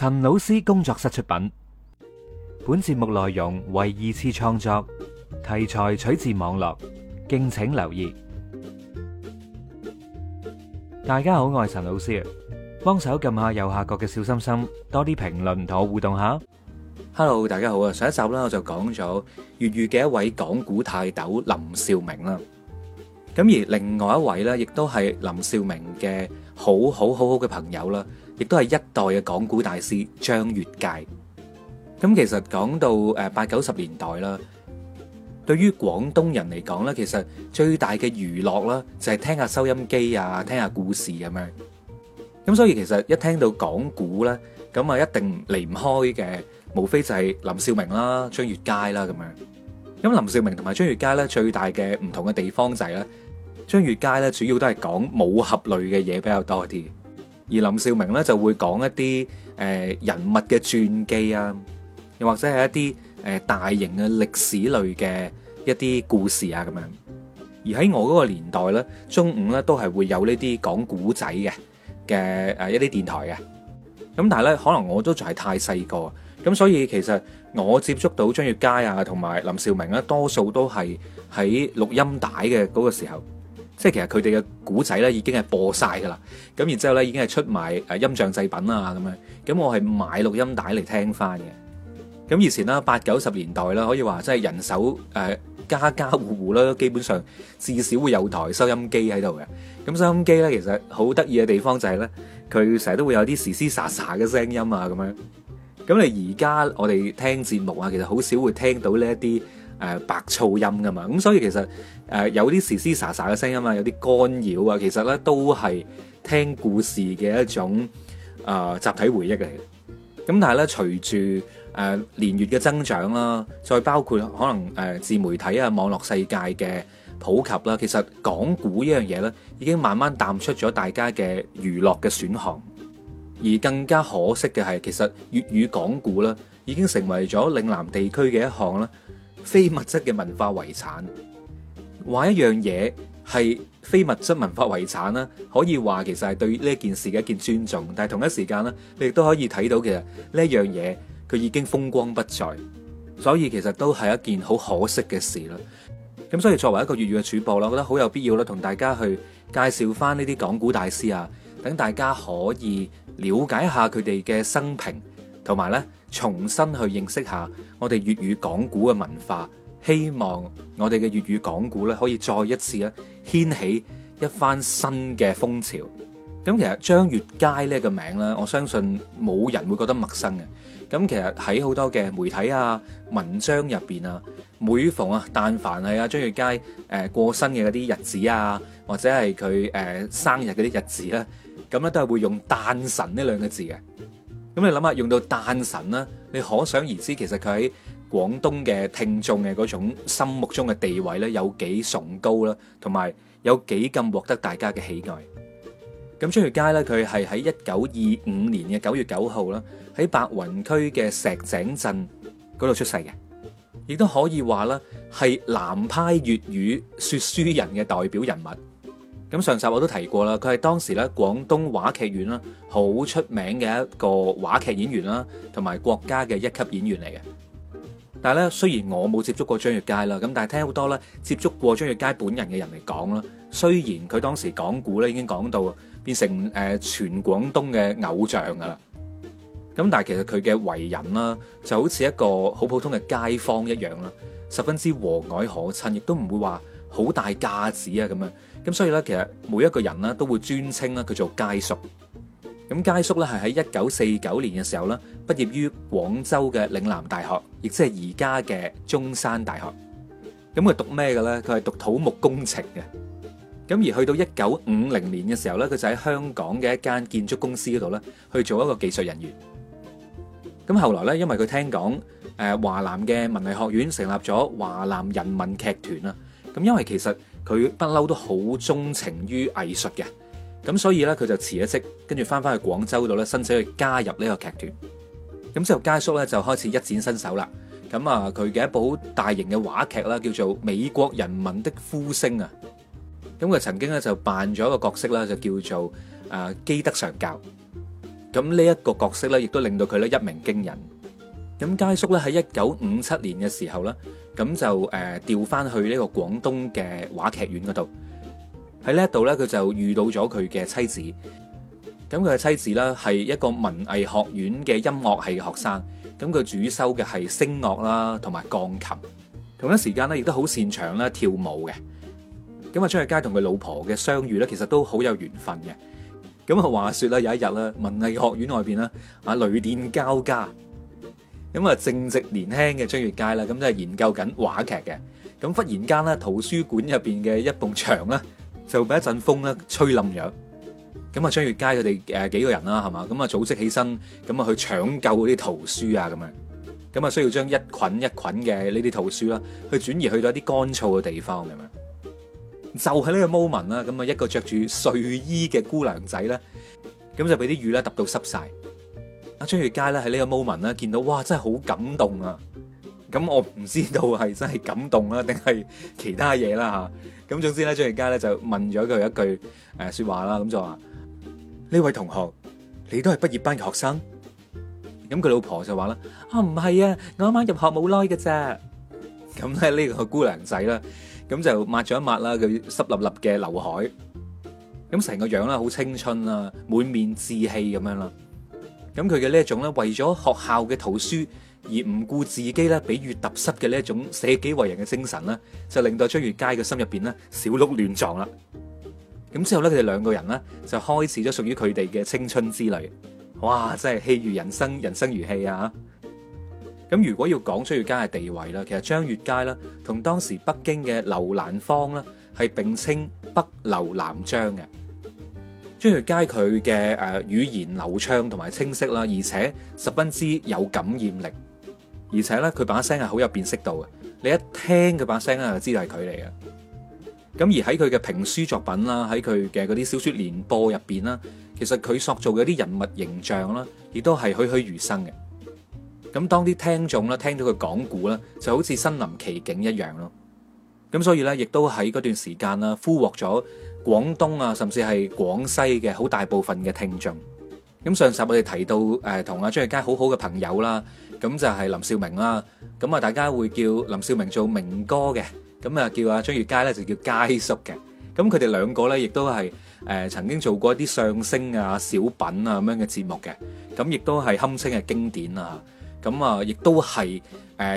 陳老師工作室出品，本節目內容為二次創作，題材取自網絡，敬請留意。大家好，我係陳老師，幫手撳下右下角嘅小心心，多啲評論同我互動下。Hello，大家好啊！上一集啦，我就講咗粵語嘅一位講古泰斗林兆明啦。咁而另外一位咧，亦都係林兆明嘅好好好好嘅朋友啦。亦都係一代嘅講古大師張悅楷。咁其實講到誒八九十年代啦，對於廣東人嚟講咧，其實最大嘅娛樂啦，就係聽下收音機啊，聽下故事咁樣。咁所以其實一聽到講古咧，咁啊一定離唔開嘅，無非就係林兆明啦、張悅楷啦咁樣。咁林兆明同埋張悅楷咧，最大嘅唔同嘅地方就係咧，張悅楷咧主要都係講武俠類嘅嘢比較多啲。而林兆明咧就會講一啲誒人物嘅傳記啊，又或者係一啲誒大型嘅歷史類嘅一啲故事啊咁樣。而喺我嗰個年代咧，中午咧都係會有呢啲講古仔嘅嘅誒一啲電台嘅。咁但係咧，可能我都仲係太細個，咁所以其實我接觸到張悅楷啊，同埋林兆明咧，多數都係喺錄音帶嘅嗰個時候。即係其實佢哋嘅古仔咧已經係播晒㗎啦，咁然之後咧已經係出埋音像製品啊咁樣，咁我係買錄音帶嚟聽翻嘅。咁以前啦，八九十年代啦，可以話即係人手誒家家戶戶啦，基本上至少會有台收音機喺度嘅。咁收音機咧其實好得意嘅地方就係咧，佢成日都會有啲嘶嘶沙沙嘅聲音啊咁樣。咁你而家我哋聽節目啊，其實好少會聽到呢一啲。誒白噪音㗎嘛，咁所以其實誒有啲斯斯沙沙嘅聲音啊，有啲干擾啊，其實咧都係聽故事嘅一種、呃、集體回憶嚟嘅。咁但係咧，隨住誒年月嘅增長啦，再包括可能、呃、自媒體啊、網絡世界嘅普及啦，其實講古呢樣嘢咧已經慢慢淡出咗大家嘅娛樂嘅選項。而更加可惜嘅係，其實粵語講古呢已經成為咗嶺南地區嘅一項啦，非物質嘅文化遺產，話一樣嘢係非物質文化遺產啦，可以話其實係對呢件事嘅一件尊重，但係同一時間呢，你亦都可以睇到其實呢一樣嘢佢已經風光不再，所以其實都係一件好可惜嘅事啦。咁所以作為一個粵語嘅主播啦，我覺得好有必要咧，同大家去介紹翻呢啲講古大師啊，等大家可以了解下佢哋嘅生平。同埋咧，重新去認識下我哋粵語講古嘅文化，希望我哋嘅粵語講古咧可以再一次啊，掀起一番新嘅風潮。咁其實張悅楷呢個名咧，我相信冇人會覺得陌生嘅。咁其實喺好多嘅媒體啊、文章入面，啊，每逢啊，但凡係阿張悅楷、呃、過身嘅嗰啲日子啊，或者係佢、呃、生日嗰啲日子咧、啊，咁咧都係會用「誕辰」呢兩個字嘅。咁你諗下用到誕辰啦，你可想而知，其實佢喺廣東嘅聽眾嘅嗰種心目中嘅地位咧，有幾崇高啦，同埋有幾咁獲得大家嘅喜愛。咁張悅楷咧，佢係喺一九二五年嘅九月九號啦，喺白雲區嘅石井鎮嗰度出世嘅，亦都可以話咧係南派粵語說書人嘅代表人物。咁上集我都提過啦，佢係當時咧廣東話劇院啦、啊，好出名嘅一個話劇演員啦、啊，同埋國家嘅一級演員嚟嘅。但係咧，雖然我冇接觸過張悅楷啦，咁但係聽好多咧接觸過張悅楷本人嘅人嚟講啦，雖然佢當時講古咧已經講到變成、呃、全廣東嘅偶像噶啦，咁但係其實佢嘅為人啦、啊、就好似一個好普通嘅街坊一樣啦，十分之和藹可親，亦都唔會話好大架子啊咁樣。咁所以咧，其實每一個人咧都會尊稱咧佢做楷叔。咁楷叔咧係喺一九四九年嘅時候咧，畢業於廣州嘅嶺南大學，亦即係而家嘅中山大學。咁佢讀咩嘅咧？佢係讀土木工程嘅。咁而去到一九五零年嘅時候咧，佢就喺香港嘅一間建築公司嗰度咧，去做一個技術人員。咁後來咧，因為佢聽講，誒華南嘅文藝學院成立咗華南人民劇團啊。咁因為其實。佢不嬲都好鍾情於藝術嘅，咁所以咧佢就辭咗職，跟住翻翻去廣州度咧申請去加入呢個劇團。咁之後，家叔咧就開始一展身手啦。咁啊，佢嘅一部大型嘅話劇啦，叫做《美國人民的呼聲》啊。咁佢曾經咧就扮咗一個角色啦，就叫做啊基德上教。咁呢一個角色咧，亦都令到佢咧一鳴驚人。咁，楷叔咧喺一九五七年嘅時候咧，咁就誒調翻去呢個廣東嘅話劇院嗰度，喺呢一度咧，佢就遇到咗佢嘅妻子。咁佢嘅妻子咧係一個文藝學院嘅音樂系學生，咁佢主修嘅係聲樂啦，同埋鋼琴。同一時間咧，亦都好擅長啦跳舞嘅。咁啊，張悅楷同佢老婆嘅相遇咧，其實都好有緣分嘅。咁啊，話說啦，有一日啦，文藝學院外邊啦，啊雷電交加。咁啊，正值年輕嘅張悅楷啦，咁就係研究緊話劇嘅。咁忽然間咧，圖書館入邊嘅一埲牆咧，就俾一陣風咧吹冧咗。咁啊，張悅楷佢哋誒幾個人啦，係嘛？咁啊，組織起身，咁啊去搶救嗰啲圖書啊，咁樣。咁啊，需要將一捆一捆嘅呢啲圖書啦，去轉移去到一啲乾燥嘅地方咁樣。就係呢個 moment 啦，咁啊，一個著住睡衣嘅姑娘仔咧，咁就俾啲雨咧揼到濕晒。阿張悅楷咧喺呢個 moment 咧見到，哇，真係好感動啊！咁我唔知道係真係感動啦，定係其他嘢啦吓。咁總之咧，張悅楷咧就問咗佢一句誒說話啦，咁就話，呢位同學，你都係畢業班嘅學生？咁佢老婆就話啦，啊，唔係啊，我啱啱入學冇耐嘅啫。咁咧呢個姑娘仔啦，咁就抹咗一抹啦，佢濕立立嘅劉海，咁成個樣啦，好青春啊，滿面稚氣咁樣啦。咁佢嘅呢一種咧，為咗學校嘅圖書而唔顧自己咧，俾雨揼濕嘅呢一種捨己為人嘅精神咧，就令到張悅楷嘅心入面咧，小鹿亂撞啦。咁之後咧，佢哋兩個人咧就開始咗屬於佢哋嘅青春之旅。哇！真係戲如人生，人生如戲啊！咁如果要講張悅楷嘅地位啦，其實張悅楷啦同當時北京嘅劉蘭芳啦係並稱北劉南張嘅。張悅楷佢嘅語言流暢同埋清晰啦，而且十分之有感染力，而且咧佢把聲係好有辨識度嘅，你一聽佢把聲咧就知道係佢嚟嘅。咁而喺佢嘅評書作品啦，喺佢嘅嗰啲小說連播入邊啦，其實佢塑造嘅啲人物形象啦，亦都係栩栩如生嘅。咁當啲聽眾啦聽到佢講古啦就好似身臨其境一樣咯。咁所以咧，亦都喺嗰段時間啦，俘獲咗。廣東啊，甚至係廣西嘅好大部分嘅聽眾。咁上集我哋提到誒，同阿張悅楷好好嘅朋友啦，咁就係林兆明啦。咁啊，大家會叫林兆明做明哥嘅，咁啊叫阿張悅楷咧就叫楷叔嘅。咁佢哋兩個咧，亦都係誒曾經做過一啲相聲啊、小品啊咁樣嘅節目嘅，咁亦都係堪稱係經典啊。咁啊，亦都係誒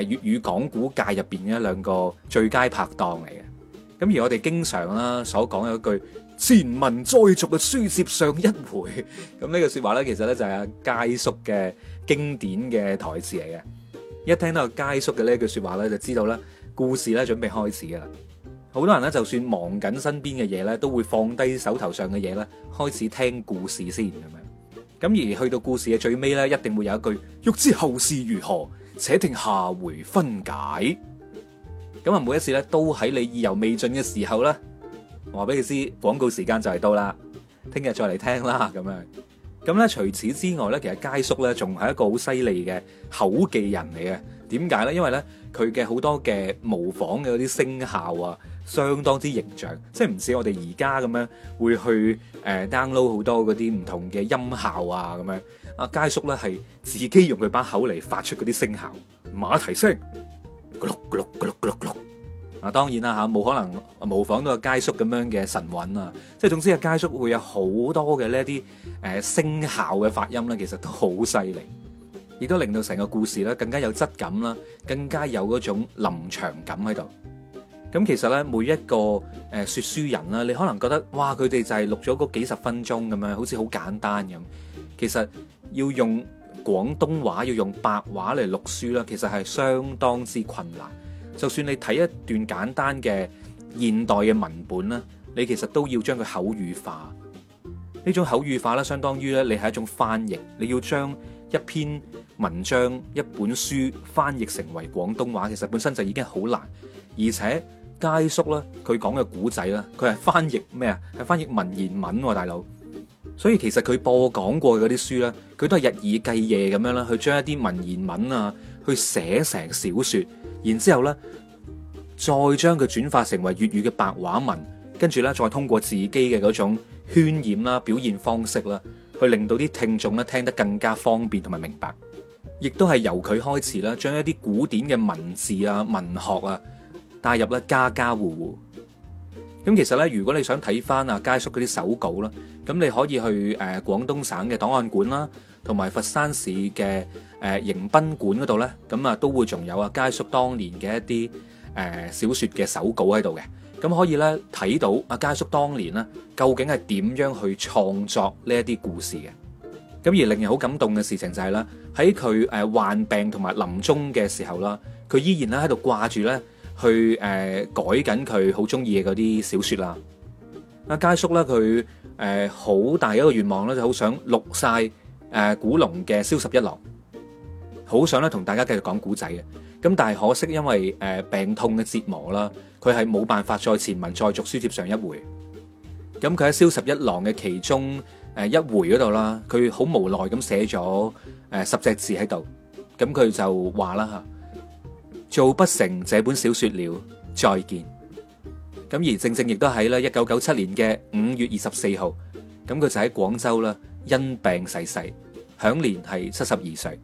粵語講古界入邊嘅一兩個最佳拍檔嚟嘅。咁而我哋經常啦所講嘅一句，前文再續嘅書接上一回，咁呢句說話咧，其實咧就係阿佳叔嘅經典嘅台詞嚟嘅。一聽到佳叔嘅呢一句說話咧，就知道咧，故事咧準備開始噶啦。好多人咧，就算忙緊身邊嘅嘢咧，都會放低手頭上嘅嘢咧，開始聽故事先咁樣。咁而去到故事嘅最尾咧，一定會有一句，欲知後事如何，且聽下回分解。咁啊，每一次咧都喺你意猶未盡嘅時候咧，話俾你知廣告時間就係到啦，聽日再嚟聽啦咁樣。咁咧除此之外咧，其實楷叔咧仲係一個好犀利嘅口技人嚟嘅。點解咧？因為咧佢嘅好多嘅模仿嘅嗰啲聲效啊，相當之形象，即係唔似我哋而家咁樣會去誒 download 好多嗰啲唔同嘅音效啊咁樣。阿楷叔咧係自己用佢把口嚟發出嗰啲聲效，馬蹄聲。碌碌碌碌碌，嗱當然啦嚇，冇可能模仿到個楷叔咁樣嘅神韻啊！即係總之，個楷叔會有好多嘅呢一啲誒聲效嘅發音咧，其實都好犀利，亦都令到成個故事咧更加有質感啦，更加有嗰種臨場感喺度。咁其實咧，每一個誒説書人啦，你可能覺得哇，佢哋就係錄咗嗰幾十分鐘咁樣，好似好簡單咁，其實要用。廣東話要用白話嚟讀書啦，其實係相當之困難。就算你睇一段簡單嘅現代嘅文本啦，你其實都要將佢口語化。呢種口語化啦，相當於咧，你係一種翻譯，你要將一篇文章、一本書翻譯成為廣東話，其實本身就已經好難。而且楷叔咧，佢講嘅古仔啦，佢係翻譯咩啊？係翻譯文言文喎，大佬。所以其實佢播講過嗰啲書呢，佢都係日以繼夜咁樣啦，去將一啲文言文啊，去寫成小説，然之後呢，再將佢轉化成為粵語嘅白話文，跟住呢，再通過自己嘅嗰種渲染啦、表現方式啦，去令到啲聽眾呢聽得更加方便同埋明白，亦都係由佢開始啦，將一啲古典嘅文字啊、文學啊帶入咧家家戶戶。咁其實咧，如果你想睇翻啊，楷叔嗰啲手稿啦，咁你可以去誒、呃、廣東省嘅檔案館啦，同埋佛山市嘅誒、呃、迎賓館嗰度咧，咁啊都會仲有啊楷叔當年嘅一啲誒、呃、小説嘅手稿喺度嘅，咁可以咧睇到啊楷叔當年咧究竟係點樣去創作呢一啲故事嘅。咁而令人好感動嘅事情就係、是、咧，喺佢誒患病同埋臨終嘅時候啦，佢依然咧喺度掛住咧。去誒改緊佢好中意嘅嗰啲小説啦，阿楷叔咧佢誒好大一個願望咧，就好想錄曬誒古龍嘅《蕭十一郎》，好想咧同大家繼續講古仔嘅。咁但係可惜因為誒病痛嘅折磨啦，佢係冇辦法再前文再續，書接上一回。咁佢喺《蕭十一郎》嘅其中誒一回嗰度啦，佢好無奈咁寫咗誒十隻字喺度，咁佢就話啦嚇。做不成這本小說了，再見。咁而正正亦都喺啦一九九七年嘅五月二十四號，咁佢就喺廣州啦，因病逝世，享年係七十二歲。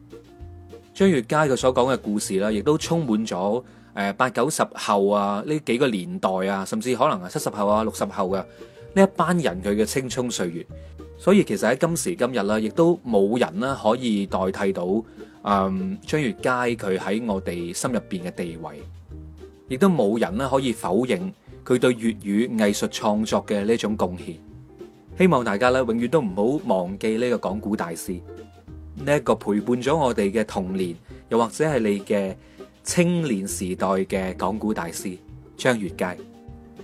張悅楷佢所講嘅故事啦，亦都充滿咗誒八九十後啊呢幾個年代啊，甚至可能係七十後啊六十後啊呢一班人佢嘅青葱歲月。所以其實喺今時今日啦，亦都冇人啦可以代替到。嗯，um, 張悅楷佢喺我哋心入邊嘅地位，亦都冇人咧可以否認佢對粵語藝術創作嘅呢種貢獻。希望大家咧永遠都唔好忘記呢個講古大師，呢、這、一個陪伴咗我哋嘅童年，又或者係你嘅青年時代嘅講古大師張悅楷。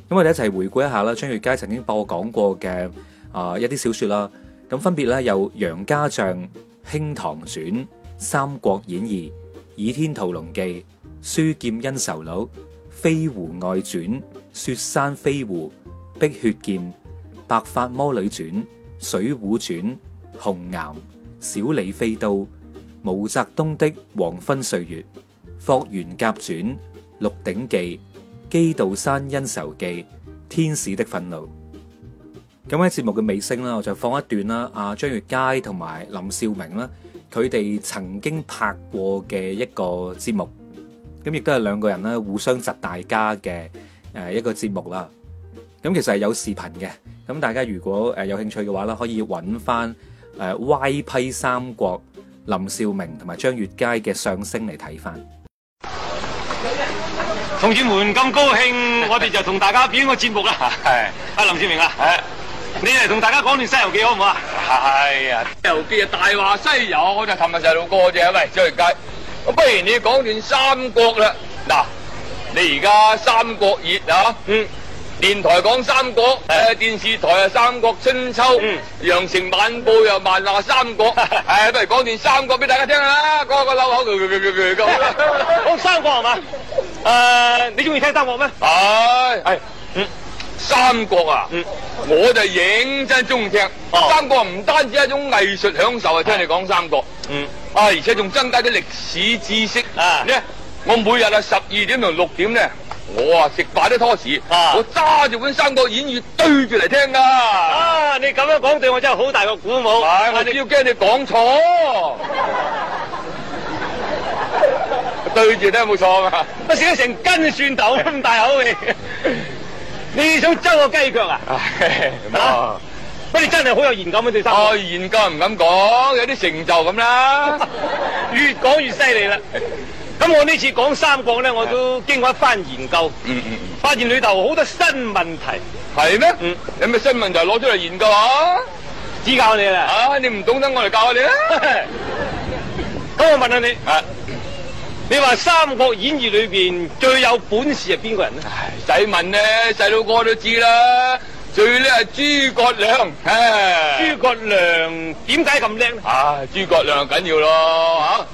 咁我哋一齊回顧一下啦，張悅楷曾經播講過嘅啊、呃、一啲小說啦，咁分別咧有《楊家將》、《興唐傳》。《三國演義》、《倚天屠龍記》、《書劍恩仇錄》、《飛狐外傳》、《雪山飛狐》、《碧血劍》、《白髮魔女傳》、《水滸傳》、《紅岩》、《小李飛刀》、《毛澤東的黃昏歲月》、《霍元甲傳》、《鹿鼎記》、《基道山恩仇記》、《天使的憤怒》。咁喺節目嘅尾聲啦，我就放一段啦，阿張悅楷同埋林兆明啦。佢哋曾經拍過嘅一個節目，咁亦都係兩個人咧互相窒大家嘅一個節目啦。咁其實係有視頻嘅，咁大家如果有興趣嘅話咧，可以揾翻誒歪批《三國》，林兆明同埋張悅楷嘅相聲嚟睇翻。同志們，咁高興，我哋就同大家表演個節目啦。係阿 林兆明啊，係 你嚟同大家講段西遊《西遊記》好唔好啊？係啊，《西遊記》啊，《大話西遊》我就氹下細路哥啫，喂，張悅楷，咁不如你講段三國啦。嗱，你而家三國熱啊，嗯，電台講三國，誒，電視台啊《三國春秋》，《羊城晚報》又漫話三國，係不如講段三國俾大家聽下啦，個個扭口，講三國係嘛？誒，你中意聽三國咩？係，誒，嗯。三國啊，嗯、我就認真中意聽。哦、三國唔單止一種藝術享受啊，聽你講三國，嗯，啊而且仲增加啲歷史知識啊。呢我每日啊十二點同六點呢，我啊食飯都拖時，oss, 啊、我揸住本三國演義對住嚟聽噶、啊。啊，你咁樣講對我真係好大個鼓舞。係，我只要驚你講錯。對住聽冇錯啊？錯啊我笑成根蒜頭咁大口氣。 你想執我雞腳啊？啊！不，你真係好有研究咩？第三，我研究唔敢講，有啲成就咁啦。越講越犀利啦。咁我呢次講三國咧，我都經過一番研究，發現裏頭好多新問題，係咩？有咩新問題攞出嚟研究？啊？指教你啦。啊，你唔懂得我嚟教下你啊。咁我問下你。你話《三國演義》裏邊最有本事係邊個人咧？使問咧，細路哥都知啦。最叻係諸葛亮。諸葛亮點解咁叻咧？啊，諸葛亮緊要咯，吓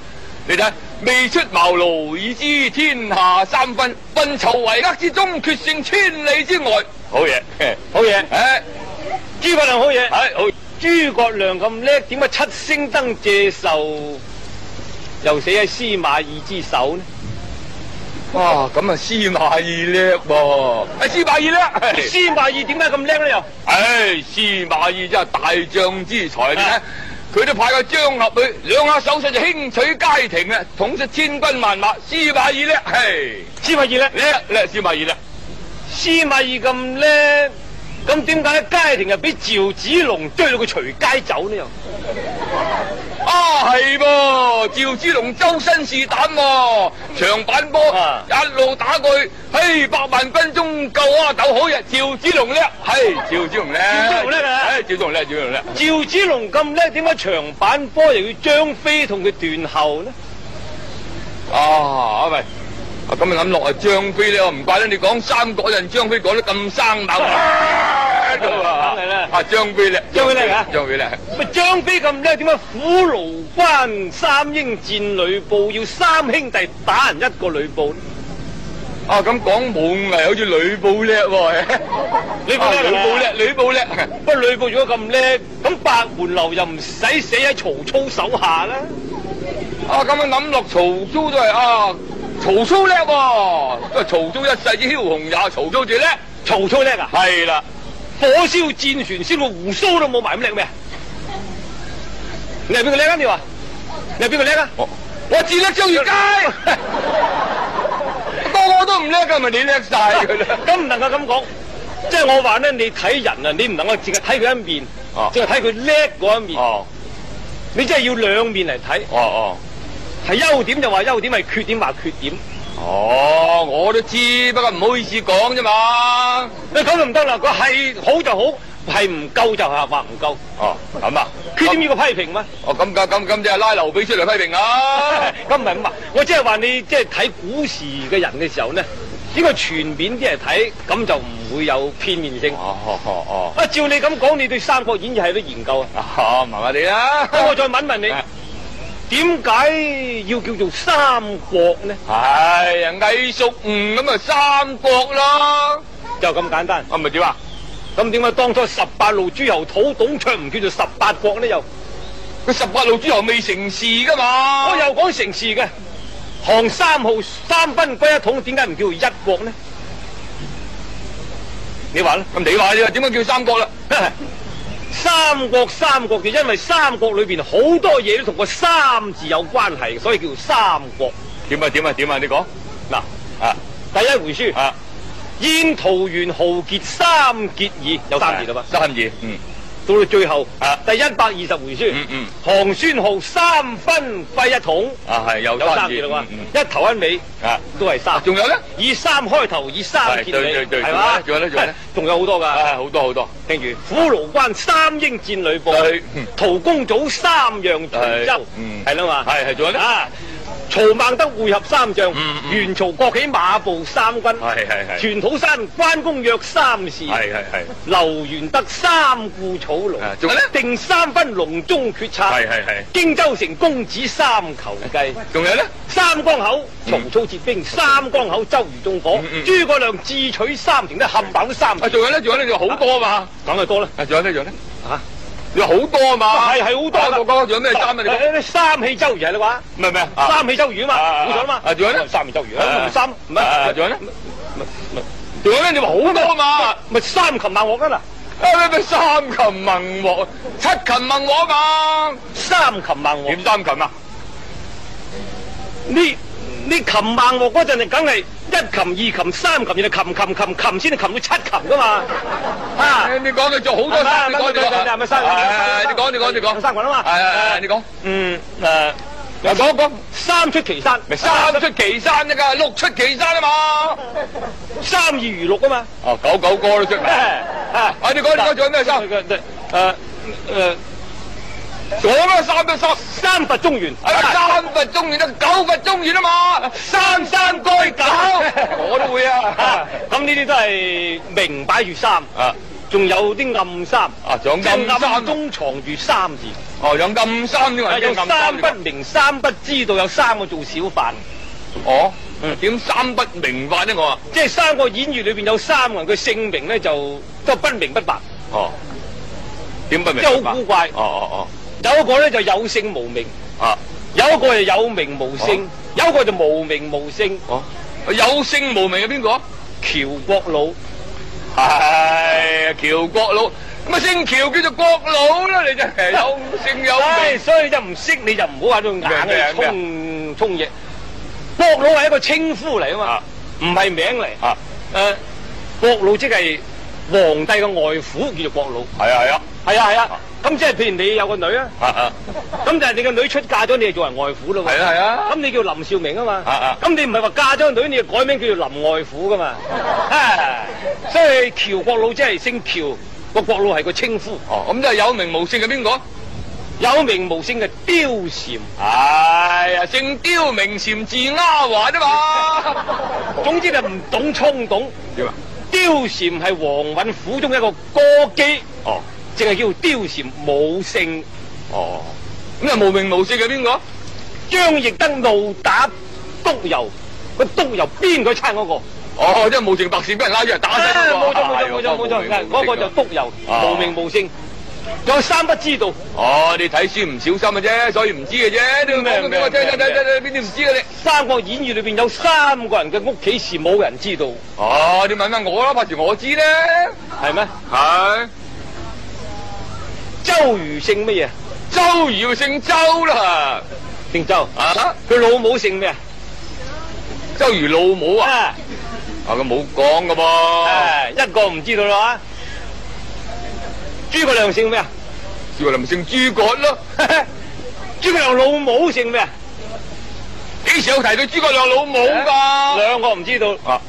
你睇未出茅廬已知天下三分，運籌帷幄之中決勝千里之外。好嘢，好嘢，誒，諸葛亮好嘢。係好，諸葛亮咁叻，點解七星燈借壽？又死喺司馬懿之手呢？哇，咁啊司馬懿叻喎！啊、哎，司馬懿叻、哎！司馬懿點解咁叻呢？又唉，司馬懿真係大將之才佢是、啊、都派個張郃去，兩下手勢就輕取街亭，嘅，統率千軍萬馬。司馬懿叻，嘿！司馬懿叻，叻叻！司馬懿叻！司馬懿咁叻，咁點解街亭又俾趙子龍追到佢隨街走呢？又？啊，係噃，趙子龍周身是膽，啊，長坂坡一路打佢，啊、嘿，百萬軍中救阿斗，好嘢！趙子龍叻，係，趙子龍叻，趙子龍叻啊，趙子龍叻，趙子龍叻，趙子龍咁叻，點解長坂坡又要張飛同佢斷後呢？啊，喂。咁諗落啊，張飛咧，唔怪得你講三國人張飛講得咁生猛，啊，係啦，啊張飛咧，張飛叻啊，張飛叻，咪張飛咁叻？點解虎牢關三英戰呂布，要三兄弟打人一個呂布咧？啊，咁講冇啊，好似呂布叻喎，呂布叻，呂布叻，呂布叻，不過呂布如果咁叻，咁白門樓又唔使死喺曹操手下啦。啊，咁樣諗落，曹操都係啊。曹操叻喎，啊！曹操一世之，梟雄也，曹操最叻，曹操叻啊！係啦的，火燒戰船燒到鬍鬚都冇埋咁叻咩？你係邊個叻啊？你話、啊，你係邊個叻啊？我、哦、自叻張悅楷，啊、 個個都唔叻噶，咪、就是、你叻晒佢啦。咁唔、啊、能夠咁講，即係我話咧，你睇人啊，你唔能夠淨係睇佢一面，啊、淨係睇佢叻嗰一面，啊、你真係要兩面嚟睇。哦哦、啊。啊係優點就話優點，係缺點話缺點。哦，我都知，不過唔好意思講啫嘛。你咁就唔得啦，佢係好就好，係唔夠就係話唔夠。哦，咁啊，缺點要個批評咩？哦，咁咁咁即係拉劉備出嚟批評啊？咁唔係咁啊，我即係話你即係睇古時嘅人嘅時候呢，應該全面啲嚟睇，咁就唔會有片面性。哦哦啊，照你咁講，你對三國演義係都研究、哦、問問啊？麻麻地，咁我再問問你。 點解要叫做三國呢？係啊、哎，魏蜀吳咁啊，三國啦，就咁簡單。咁咪點啊？咁點解當初十八路諸侯討董卓唔叫做十八國呢？又佢十八路諸侯未成事噶嘛？我又講成事嘅，行三號三分歸一統，點解唔叫做一國呢？你話啦，咁你話呢？點解叫三國啦？ 三國，三國就因為三國裏邊好多嘢都同個三字有關係，所以叫做三國。點啊？點啊？點啊？你講嗱喏啊，第一回書啊，宴桃園豪傑三結義，有三字啊嘛，的了嗎三字嗯。到到最後，第一百二十回書，降孫皓三分歸一統，啊係有三字啦嘛，一頭一尾，啊都係三，仲有咧，以三開頭，以三結尾，係嘛？仲有仲有仲有好多噶，係好多好多，聽住，虎牢關三英戰呂布，陶恭祖三讓徐州，嗯，係啦嘛，係係仲有咧。曹孟德會合三將，袁曹各起馬步三軍，係係係。屯土山關公約三事，係係係。劉玄德三顧草廬，啊、定三分隆中決策，係係係。荊州城公子三求計，仲有呢？三江口曹操截兵，三江口周瑜縱火，諸、啊嗯嗯、葛亮智取三城都冚飽咗三仲有呢？仲有呢？仲好多啊嘛，啊講嘅多咧，仲有呢？仲有咧有好多嘛？係係好多。仲有咩三啊？啲三氣周瑜啊，你話？唔係唔係，三氣周瑜啊嘛，冇錯啊嘛。仲有咧？三氣周瑜啊。三唔係？仲有咧？仲有咧？你話好多嘛？咪三擒孟獲啊嗱！咪咪三擒孟獲，七擒孟獲嘛？三擒孟獲。點三擒啊？你你擒孟獲嗰陣，你梗係。一擒二擒三擒，然後擒擒擒擒先，擒到七擒噶嘛？啊！你講佢做好多三你講你講你講你講三群啊嘛？係係你講。嗯誒，又講講三出其三，三出其山，啫㗎，六出其山啊嘛，三二餘六啊嘛。哦，九九哥都出。啊！你講你講做咩三？誒，誒。講啦，三不三，三佛中原，三佛中原都九佛中原啊嘛，三三該九，我都會啊。咁呢啲都係明擺住三啊，仲有啲暗三啊，暗三中藏住三字，哦，有暗三添啊，有三不明，三不知道有三個做小販。哦，嗯，點三不明白呢？我啊，即係三個演員裏邊有三個人，佢姓名呢就都不明不白。哦，點不明即係好古怪。哦哦哦。有一個咧就有姓無名，啊！有一個就有名無姓，啊、有一個就無名無姓。哦、啊，有姓無名係邊個？喬國老，係喬、哎、國老。咁啊姓喬叫做國老啦，你真係有姓有名。唉、 哎，所以就唔識你就唔好話咁硬嘅沖沖熱。國老係一個稱呼嚟啊嘛，唔係名嚟。啊，誒、啊、國老即係皇帝嘅外父叫做國老。係啊係啊，係啊係啊。咁即係譬如你有個女啊，咁、啊啊、就係你個女出嫁咗，你就做人外父咯。係啊係啊，咁、啊啊、你叫林兆明啊嘛，咁、啊啊、你唔係話嫁咗個女，你就改名叫做林外父噶嘛。吓、啊啊，所以喬國老即係姓喬，國路個國老係個稱呼。哦，咁即係有名無姓嘅邊個？有名無姓嘅貂蟬。哎呀，姓貂名蟬字丫鬟啫嘛。總之就唔懂衝動。貂蟬係王允府中一個歌姬。哦。淨係叫貂蟬無姓哦，咁啊無名無姓嘅邊個？張翼德怒打督郵，個督郵邊個猜嗰個？哦，即係無情白事俾人拉出嚟打死冇錯冇錯冇錯冇錯，嗰個就督郵無名無姓，仲有三不知道。哦，你睇書唔小心嘅啫，所以唔知嘅啫。你講知嘅咧？《三國演義》裏邊有三個人嘅屋企事冇人知道。哦，你問問我啦，怕是我知咧？係咩？係。周瑜姓乜嘢？周瑜姓周啦，姓周啊！佢老母姓咩啊？周瑜老母啊？啊，佢冇講噶噃。一個唔知道啦。諸葛亮姓咩啊？諸葛亮姓諸葛咯。諸 葛亮老母姓咩啊？幾時有提到諸葛亮老母噶，啊？兩，啊，個唔知道啊。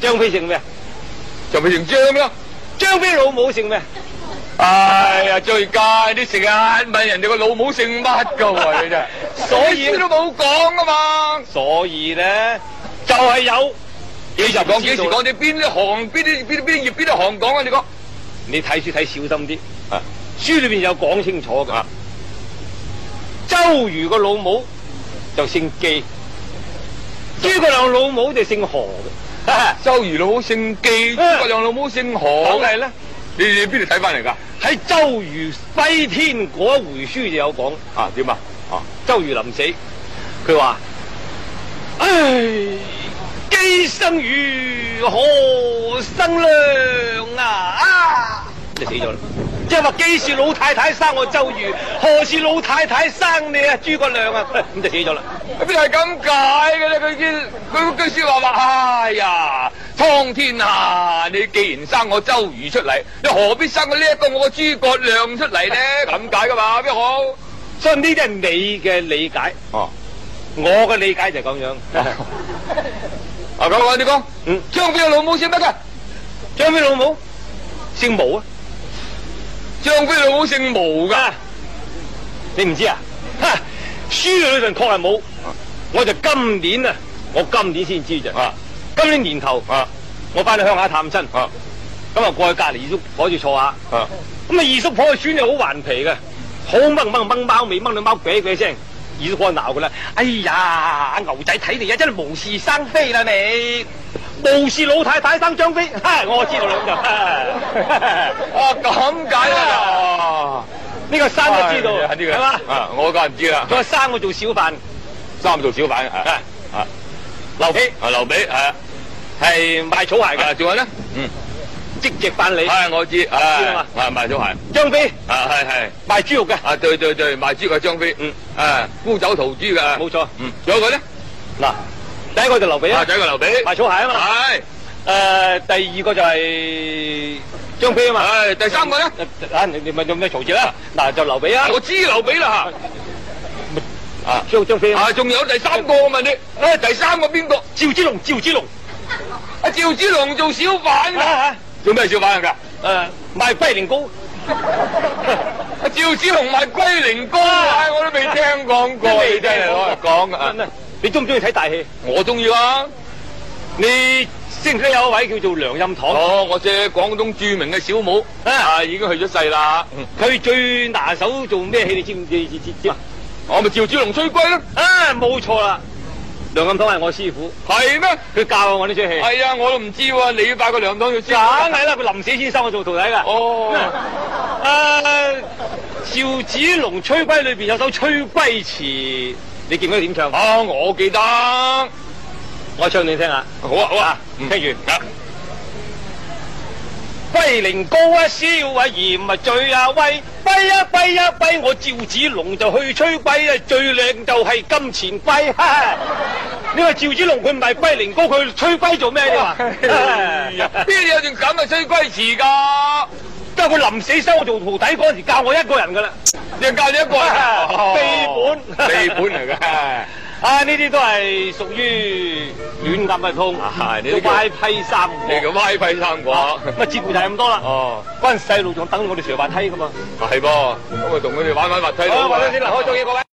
張飛姓咩？就飛姓張咩？張飛老母姓咩？哎呀，最奸啲成日問人哋個老母姓乜噶喎，你真係，所以都冇講噶嘛。所以咧，就係有幾時講，幾時講，你邊啲行，邊啲邊邊邊頁邊啲行講啊？你講，你睇書睇小心啲啊，書裏邊有講清楚噶。周瑜個老母就姓姬，諸葛亮老母就姓何。周瑜老母姓姬，諸葛亮老母姓何。係咧。.你你邊度睇翻嚟噶？喺周瑜西天嗰一回書就有講啊？點啊？啊？周瑜臨死，佢話，唉，既生瑜，何生亮啊？啊！你、啊、就死咗啦。即係話既是時老太太生我周瑜，何是老太太生你啊？諸葛亮啊？咁、啊、就死咗啦。邊係咁解嘅咧？佢佢佢說話話，哎呀！蒼天下、啊，你既然生我周瑜出嚟，你何必生我呢一個我嘅諸葛亮出嚟咧？咁解噶嘛？邊個好？所以呢啲係你嘅理解。哦、啊，我嘅理解就係咁樣。啊，咁我、 啊、你講，嗯，張飛老母姓乜噶、啊？張飛老母姓毛啊？張飛老母姓毛噶？你唔知啊？哈、啊，書裏頭確係冇，啊、我就今年啊，我今年先知啫。啊。今年年頭，啊、我翻去鄉下探親，咁啊過去隔籬二叔婆住坐下，咁啊二叔婆嘅孫又好頑皮嘅，好掹掹掹貓尾，掹到貓畀佢一聲，二叔婆鬧佢啦。哎呀，牛仔睇你啊真係無事生非啦你，無事老太太生張飛、哎，我知道老豆、哎。哦咁解 啊，呢、啊哦啊、個生都知道，係嘛、啊不啊？我梗係唔知佢個生我做小販，三做小販劉備啊，劉備係啊，係賣草鞋嘅。仲有咧，嗯，積極辦理。係我知，我知啊嘛，係賣草鞋。張飛啊，係係賣豬肉嘅。啊對對對，賣豬肉係張飛，嗯，誒沽酒屠豬嘅。冇錯，嗯。仲有佢咧，嗱，第一個就劉備啊，第一個劉備賣草鞋啊嘛。係誒，第二個就係張飛啊嘛。係第三個咧？啊你你咪做咩錯字啦？嗱就劉備啊，我知劉備啦。啊，張張飛啊，仲有第三個問你，誒，第三個邊個？趙子龍，趙子龍，阿趙子龍做小販噶，做咩小販嚟噶？誒，賣龜苓膏。阿趙子龍賣龜苓膏，我都未聽講過。你真係攞嚟講噶，你中唔中意睇大戲？我中意啊。你識唔識有一位叫做梁蔭堂？哦，我即廣東著名嘅小武，啊，已經去咗世啦。佢最拿手做咩戲？你知唔知知知。我咪趙子龍吹龜咯，啊，冇錯啦，梁金濤係我師傅，係咩嗎？佢教我呢齣戲，係啊、哎，我都唔知喎、啊，你要拜過梁金濤要知梗係啦，佢臨死先收我做徒弟噶。哦，誒、啊，趙子龍吹龜裏邊有首吹龜詞，你記得點唱？哦、啊，我記得、啊，我唱你聽下，好啊，好啊，啊聽住著。嗯龜苓膏啊，一燒啊，唔係醉啊喂，跛啊跛啊跛，啊！我趙子龍就去吹龜啊，最靚就係金錢龜，啊。 你話趙子龍佢唔係龜苓膏，佢吹龜做咩？啊，你話邊有段咁嘅吹龜詞噶？即係佢臨死收我做徒弟嗰陣時，教我一個人噶啦，你教你一個人，地、 哦，秘本秘本嚟噶。 啊！呢啲都係屬於亂夾嘅通，啊、你叫歪批三瓜。嘅歪批三咁啊，折乎就係咁多啦。哦、啊，關細細路仲等我哋上滑梯噶嘛。係噃、啊，咁啊同佢哋玩玩滑梯上好、啊等等。好，滑梯先啦，開左幾各位。